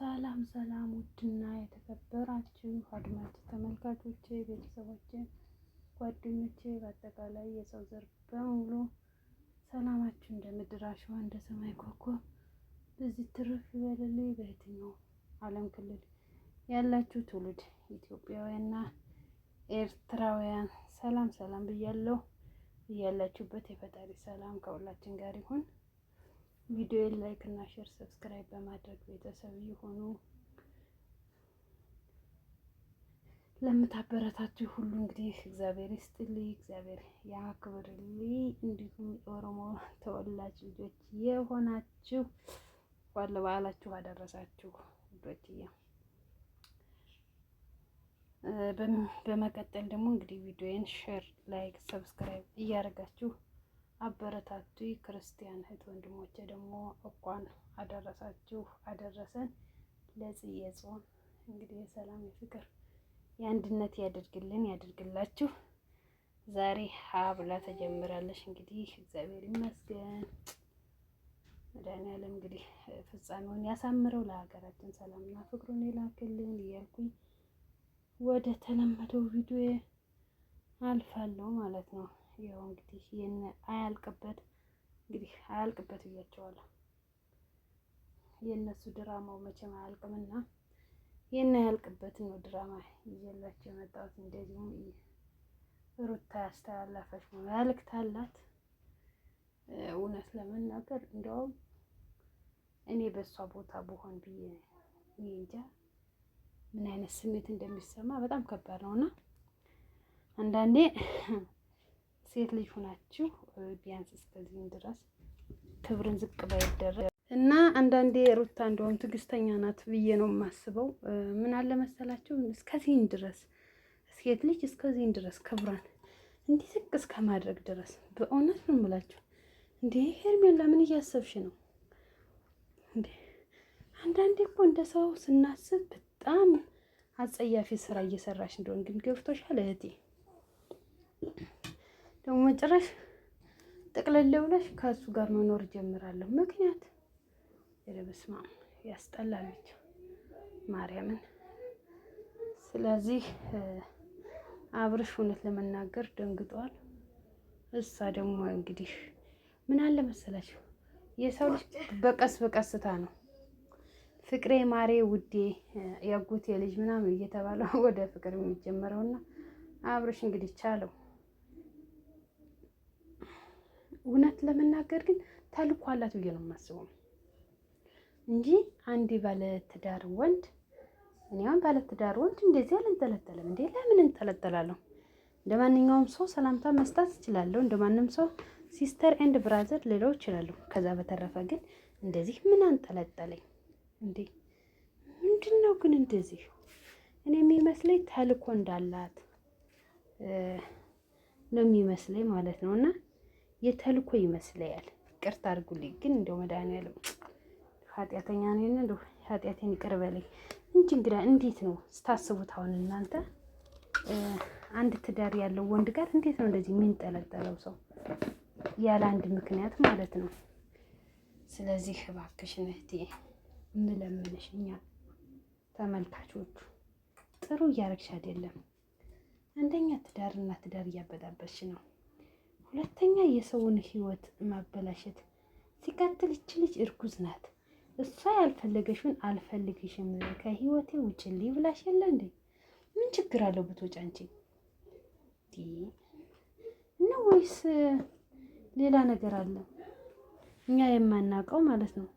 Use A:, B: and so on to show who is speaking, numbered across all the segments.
A: ሰላም ሰላም፣ ውድና የተከበራችሁ አድማጭ ተመልካቾቼ፣ ቤተሰቦቼ፣ ጓደኞቼ በአጠቃላይ የሰው ዘር በሙሉ ሰላማችሁ እንደ ምድር አሸዋ እንደ ሰማይ ኮከብ በዚህ ትርፍ ይበልልኝ። በየትኛው ዓለም ክልል ያላችሁ ትውልድ ኢትዮጵያውያንና ኤርትራውያን ሰላም ሰላም ብያለሁ። እያላችሁበት የፈጣሪ ሰላም ከሁላችን ጋር ይሁን። ቪዲዮን ላይክ እና ሼር ሰብስክራይብ በማድረግ ቤተሰብ የሆኑ ለምታበረታችሁ ሁሉ እንግዲህ እግዚአብሔር ይስጥልኝ፣ እግዚአብሔር ያክብርልኝ። እንዲሁም የኦሮሞ ተወላጅ ልጆች የሆናችሁ ባለ በዓላችሁ አደረሳችሁ ልጆችዬ። በመቀጠል ደግሞ እንግዲህ ቪዲዮን ሼር ላይክ ሰብስክራይብ እያደረጋችሁ አበረታቱ ክርስቲያን እህት ወንድሞቼ ደግሞ እንኳን አደረሳችሁ አደረሰን ለጽጌ ጾም። እንግዲህ የሰላም የፍቅር የአንድነት ያደርግልን ያደርግላችሁ። ዛሬ ሀ ብላ ተጀምራለች። እንግዲህ እግዚአብሔር ይመስገን። መድኃኒዓለም እንግዲህ ፍጻሜውን ያሳምረው፣ ለሀገራችን ሰላምና ፍቅሩን ይላክልን እያልኩኝ ወደ ተለመደው ቪዲዮ አልፋለሁ ማለት ነው። ያው እንግዲህ ይህን አያልቅበት እንግዲህ አያልቅበት ብያቸዋለሁ። የእነሱ ድራማው መቼም አያልቅምና ይህን አያልቅበትን ነው ድራማ ይዤላቸው የመጣሁት። እንደዚሁም ሩታ ያስተላለፈች መልዕክት አላት። እውነት ለመናገር እንደውም እኔ በእሷ ቦታ ብሆን ብዬ እኔ እንጃ ምን አይነት ስሜት እንደሚሰማ በጣም ከባድ ነው እና አንዳንዴ ሴት ልጅ ሆናችሁ ቢያንስ እስከዚህም ድረስ ክብርን ዝቅ ባይደረግ እና አንዳንዴ ሩታ እንደውም ትዕግስተኛ ናት ብዬ ነው የማስበው። ምን አለ መሰላችሁ እስከዚህን ድረስ ሴት ልጅ እስከዚህን ድረስ ክብሯን እንዲህ ዝቅ እስከ ማድረግ ድረስ በእውነት ነው የምላችሁ። እንዴ ሄርሜላ ምን እያሰብሽ ነው እንዴ? አንዳንዴ እኮ እንደ ሰው ስናስብ በጣም አጸያፊ ስራ እየሰራሽ እንደሆን ግን ገብቶሻል እህቴ። ደግሞ መጨረሽ ጥቅልል ብለሽ ከእሱ ጋር መኖር ጀምራለሁ። ምክንያት የለበስማ ያስጠላለች ማርያምን። ስለዚህ አብርሽ እውነት ለመናገር ደንግጧል። እሷ ደግሞ እንግዲህ ምን አለ መሰላችሁ የሰው ልጅ በቀስ በቀስታ ነው ፍቅሬ፣ ማሬ፣ ውዴ፣ ያጎቴ ልጅ ምናምን እየተባለ ወደ ፍቅር የሚጀመረውና አብርሽ እንግዲህ ቻለው። እውነት ለመናገር ግን ተልኮ አላት ብዬ ነው የማስበው እንጂ አንድ ባለትዳር ወንድ እኔም ባለትዳር ወንድ እንደዚህ አልንጠለጠለም እንዴ! ለምን እንጠለጠላለሁ? እንደ ማንኛውም ሰው ሰላምታ መስጠት እችላለሁ። እንደ ማንም ሰው ሲስተር ኤንድ ብራዘር ልለው እችላለሁ። ከዛ በተረፈ ግን እንደዚህ ምን አንጠለጠለኝ እንዴ? ምንድን ነው ግን እንደዚህ? እኔ የሚመስለኝ ተልኮ እንዳላት ነው የሚመስለኝ ማለት ነው እና የተልኮ ይመስለያል። ቅርት አድርጉልኝ፣ ግን እንደው መድኃኒዓለም ኃጢአተኛ ነኝ፣ እንደው ኃጢአቴን ይቅር በለኝ እንጂ እንግዳ እንዴት ነው ስታስቡት? አሁን እናንተ አንድ ትዳር ያለው ወንድ ጋር እንዴት ነው እንደዚህ የሚንጠለጠለው ሰው ያለ አንድ ምክንያት ማለት ነው። ስለዚህ እባክሽን እህቴ እንለምንሽ፣ እኛ ተመልካቾቹ ጥሩ እያረግሽ አይደለም። አንደኛ ትዳርና ትዳር እያበጣበሽ ነው። ሁለተኛ የሰውን ህይወት ማበላሸት። ሲቀጥል ይች ልጅ እርጉዝ ናት። እሷ ያልፈለገሽውን አልፈልግሽም ከህይወቴ ውጭ ሊብላሽ የለ እንዴ? ምን ችግር አለው ብትወጪ አንቺ ወይስ ሌላ ነገር አለ? እኛ የማናውቀው ማለት ነው።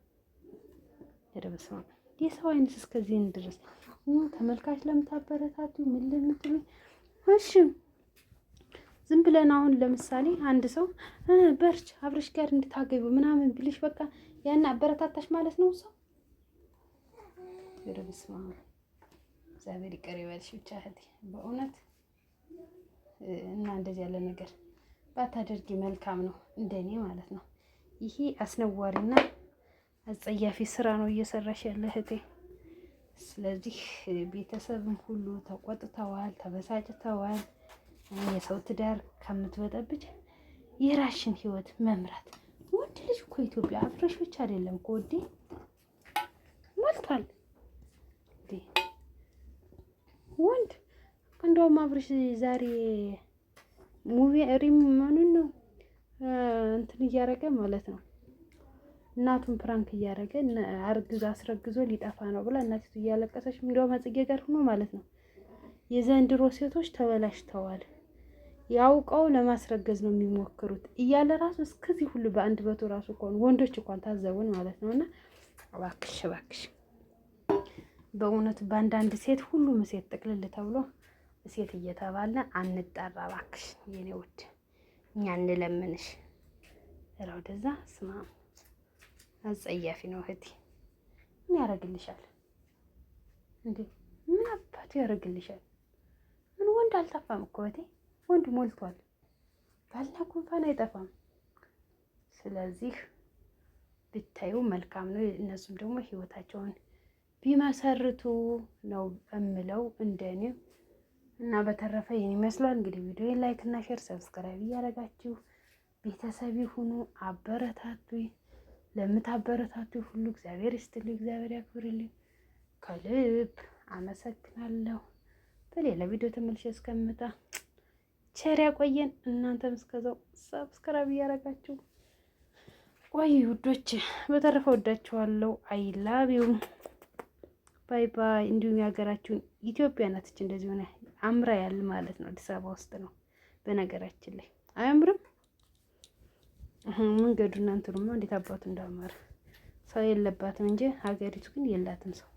A: የሰው አይነት እስከዚህ ድረስ ተመልካች ለምታበረታቱ ምን ለምትሉ ዝም ብለን አሁን ለምሳሌ አንድ ሰው በርች አብረሽ ጋር እንድታገቢ ምናምን ብልሽ በቃ ያን አበረታታሽ ማለት ነው። ሰው በስመ አብ እግዚአብሔር ይቅር ይበልሽ። ብቻ እህቴ በእውነት እና እንደዚህ ያለ ነገር ባታደርጊ መልካም ነው፣ እንደኔ ማለት ነው። ይሄ አስነዋሪና አጸያፊ ስራ ነው እየሰራሽ ያለ እህቴ። ስለዚህ ቤተሰብም ሁሉ ተቆጥተዋል፣ ተበሳጭተዋል። የሰው ትዳር ከምትበጠብጭ የራሽን ህይወት መምራት። ወንድ ልጅ እኮ ኢትዮጵያ አፍረሽ ብቻ አይደለም እኮ ወዴ ሞልቷል። ወንድ እንደውም አብረሽ ዛሬ ሙቪ ሪም ማንን ነው እንትን እያደረገ ማለት ነው እናቱን ፕራንክ እያደረገ አርግዞ አስረግዞ ሊጠፋ ነው ብላ እናቲቱ እያለቀሰች እንደውም መጽጌ ጋር ሆኖ ማለት ነው። የዘንድሮ ሴቶች ተበላሽተዋል። ያውቀው ለማስረገዝ ነው የሚሞክሩት እያለ ራሱ እስከዚህ ሁሉ በአንድ በቱ ራሱ ከሆኑ ወንዶች እንኳን ታዘቡን ማለት ነው። እና እባክሽ እባክሽ በእውነቱ በአንዳንድ ሴት ሁሉም ሴት ጥቅልል ተብሎ ሴት እየተባለ አንጠራ። እባክሽ የኔ ውድ እኛ እንለምንሽ። ኧረ ወደዛ ስማ፣ አጸያፊ ነው እህቴ። ምን ያደርግልሻል እንዴ? ምን አባቱ ያደርግልሻል? ምን ወንድ አልጠፋም እኮ እህቴ ወንድ ሞልቷል። ባልና ጉንፋን አይጠፋም። ስለዚህ ብታዩ መልካም ነው። እነሱም ደግሞ ህይወታቸውን ቢመሰርቱ ነው እምለው እንደኔ እና በተረፈ ይህን ይመስላል እንግዲህ ቪዲዮ ላይክ እና ሼር ሰብስክራይብ እያደረጋችሁ ቤተሰብ ይሁኑ። አበረታቱ። ለምታበረታቱ ሁሉ እግዚአብሔር ይስጥልኝ፣ እግዚአብሔር ያክብርልኝ። ከልብ አመሰግናለሁ። በሌላ ቪዲዮ ተመልሼ እስከምመጣ ቸር ያቆየን። እናንተም እስከዛው ሰብስክራይብ እያደረጋችሁ ቆይ ውዶች። በተረፈ ወዳችኋለሁ። አይ ላቭ ዩ ባይ ባይ። እንዲሁም የሀገራችሁን ኢትዮጵያ ናትች እንደዚህ ሆነ አምራ ያል ማለት ነው። አዲስ አበባ ውስጥ ነው በነገራችን ላይ አያምርም። መንገዱ እናንተ ነው እንዴት አባቱ እንዳመረ ሰው የለባትም እንጂ ሀገሪቱ ግን የላትም ሰው